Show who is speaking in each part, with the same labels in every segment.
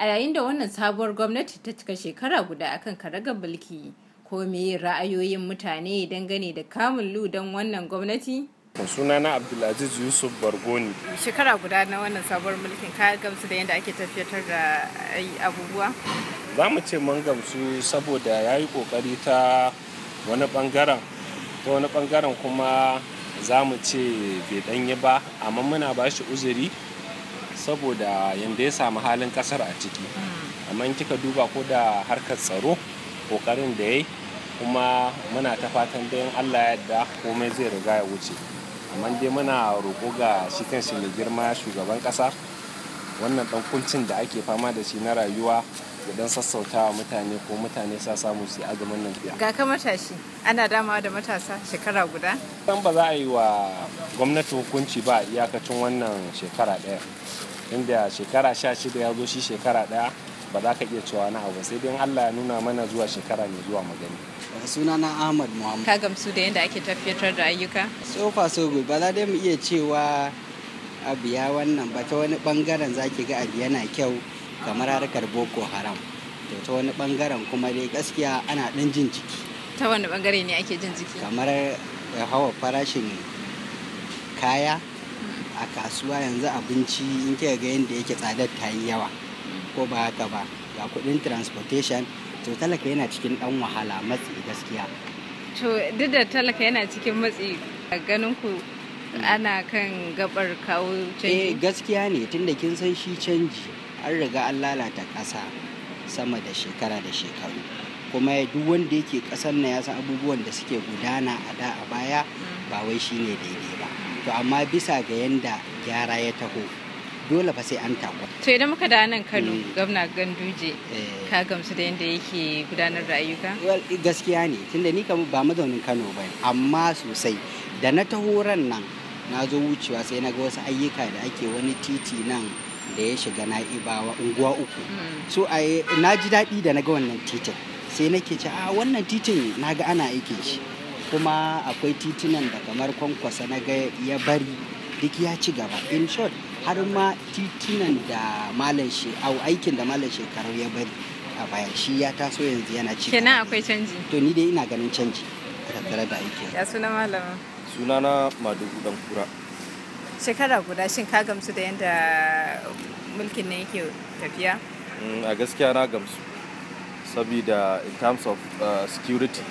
Speaker 1: a yayin da wannan sabuwar gwamnati ta cika shekara guda akan karagar mulki ko meye ra'ayoyin mutane dangane da kamun lu don wannan gwamnati
Speaker 2: suna na abdulaziz yusuf bargoni
Speaker 1: shekara guda na wannan sabuwar mulkin ka gamsu da yadda ake tafiyatar da abubuwa
Speaker 3: za mu ce mun gamsu saboda ya yi kokari ta wani bangaren ta wani bangaren kuma za mu ce bai danyi ba amma muna ba shi uzuri saboda yadda ya samu halin kasar a ciki hmm. amma kika duba ko da harkar tsaro kokarin da ya yi kuma muna ta fatan da allah ya yadda komai zai riga ya wuce amma dai muna roƙo ga shi kanshi mai girma shugaban ƙasa wannan ɗan da ake fama da shi na rayuwa da dan wa mutane ko mutane sa samu su azumin nan
Speaker 1: Ga ka matashi ana damawa da matasa shekara guda?
Speaker 3: Dan ba za a yi wa gwamnati hukunci ba iyakacin wannan shekara ɗaya. inda shekara sha shida ya zo shi shekara ɗaya ba za ka iya cewa na abu sai dai Allah ya nuna mana zuwa shekara mai zuwa magani. suna na Ahmad Muhammad.
Speaker 1: Ka gamsu da yadda ake tafiyatar da ayyuka?
Speaker 3: So far so good ba za dai mu iya cewa a biya wannan ba ta wani bangaren za ki ga abu yana kyau kamar harkar Boko Haram. To ta wani bangaren kuma dai gaskiya ana ɗan jin jiki.
Speaker 1: Ta wani bangare ne ake jin jiki?
Speaker 3: Kamar hawa farashin kaya a kasuwa yanzu abinci in kika ga yadda yake tsadar ta yi yawa ko ba haka ba ga kuɗin transportation to talaka yana cikin dan wahala matsi gaskiya
Speaker 1: to duk da talaka yana cikin matsi ganin ku ana
Speaker 3: kan gabar kawo canji eh gaskiya ne tunda kin san shi canji an riga an lalata ƙasa sama da shekara da shekaru kuma duk wanda yake ƙasar na ya san abubuwan da suke gudana a da a baya ba wai shine daidai ba to amma bisa ga yanda gyara ya taho dole fa sai an takwa. To
Speaker 1: idan muka da nan Kano mm. gwamna Ganduje eh. ka gamsu da yanda yake gudanar da ayyuka?
Speaker 3: Well gaskiya ne tunda ni kamar ba mazaunin Kano ba amma sosai da na taho ran nan na zo wucewa sai na ga wasu ayyuka da ake wani titi nan da ya shiga na ibawa unguwa uku. Mm. So na ji daɗi da na ga wannan titin sai nake ce a ah, wannan titin na ga ana aikin shi. kuma akwai titunan da kamar kwankwasa na ga ya bari duk ya ci gaba in short har ma titunan da malam shi au aikin da malam shekaru ya bari a baya shi ya taso yanzu yana ci kenan akwai canji to ni dai ina ganin
Speaker 2: canji a tattare da aiki. ya suna suna sunana madugu dan kura
Speaker 1: shekara guda shin ka gamsu da yadda mulkin ne yake tafiya
Speaker 2: mm, a gaskiya na gamsu saboda in terms of uh, security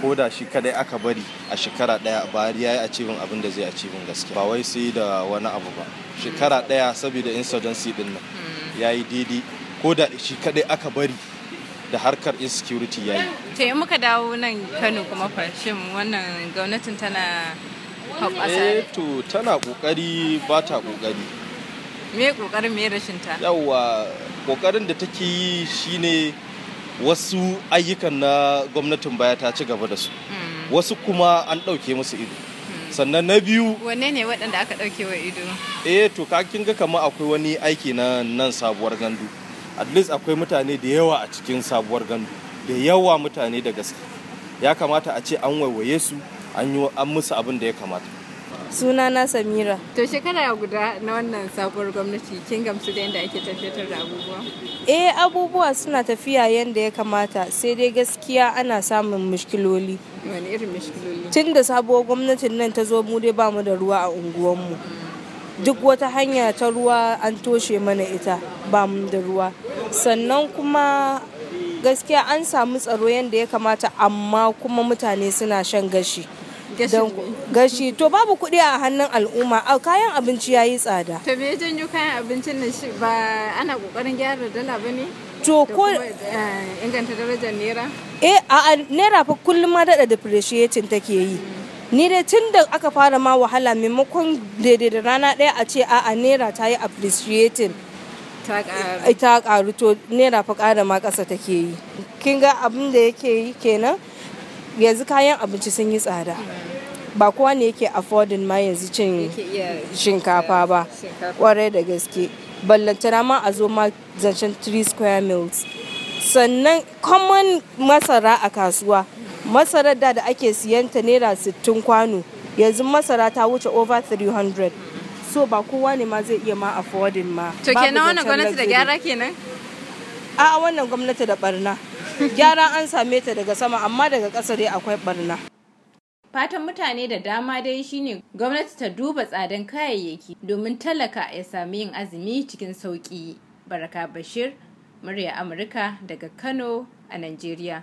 Speaker 2: ko da shi kadai aka bari a shekara daya ya yi achieving abin da zai achieving gaskiya ba wai sai da wani abu ba shekara daya saboda insurgency din nan hmm. yi daidai ko da shi kadai aka bari da harkar insecurity yi.
Speaker 1: Ta yi muka dawo nan Kano kuma fashin wannan gwamnatin tana hoɓasa eh
Speaker 2: to tana kokari ba ta kokari
Speaker 1: me kokarin me rashin ta
Speaker 2: yawa kokarin da take yi shine wasu ayyukan na gwamnatin baya ta ci gaba da su
Speaker 1: hmm.
Speaker 2: wasu kuma an ɗauke musu ido hmm. sannan na biyu
Speaker 1: wanne ne waɗanda aka ɗauke wa ido
Speaker 2: eh to ka kin ga kamar akwai wani aiki na nan sabuwar gandu at least akwai mutane da yawa a cikin sabuwar gandu da yawa mutane da gaske ya kamata a ce an waiwaye su an yi an musu abin da ya kamata
Speaker 4: suna na
Speaker 1: samira to shekara guda na wannan sabuwar gwamnati kin gamsu da yadda ake tafiyar da abubuwa
Speaker 4: eh abubuwa suna tafiya yadda ya kamata sai dai gaskiya ana samun mushkiloli
Speaker 1: wani irin mushkiloli tun
Speaker 4: da sabuwar gwamnatin nan ta zo mu dai ba mu da ruwa a unguwanmu duk wata hanya ta ruwa an toshe mana ita ba mu da ruwa sannan kuma gaskiya an samu tsaro yadda ya kamata amma kuma mutane suna shan gashi gashi to babu kuɗi a hannun al'umma a kayan abinci ya yi tsada
Speaker 1: to me janyo kayan abincin nan shi ba ana kokarin gyara dala ba ne to ko eh, inganta darajar naira
Speaker 4: eh a naira fa kullum ma dada depreciating take yi ni dai tun da aka fara ma wahala maimakon daidai da rana ɗaya a ce a'a naira ta yi appreciating ta karu eh, to naira fa ƙara ma ƙasa take yi kin ga abin da yake yi kenan yanzu kayan abinci sun yi tsada ba kowa ne yake affordin ma yanzu cin shinkafa ba kwarai da gaske ballantana ma a zo ma zancen 3 square mils. sannan common masara a kasuwa masarar da da ake siyanta naira 60 kwano yanzu masara ta wuce over 300 so ba kowa ne ma zai iya ma affordin ma to kenan wannan gwamnati da gyara kenan a wannan gwamnati da barna gyara an same ta daga sama amma daga ƙasa dai akwai barna
Speaker 1: fatan mutane da dama dai shine gwamnati ta duba tsadan kayayyaki domin talaka ya sami yin azumi cikin sauƙi baraka bashir murya amurka daga kano a najeriya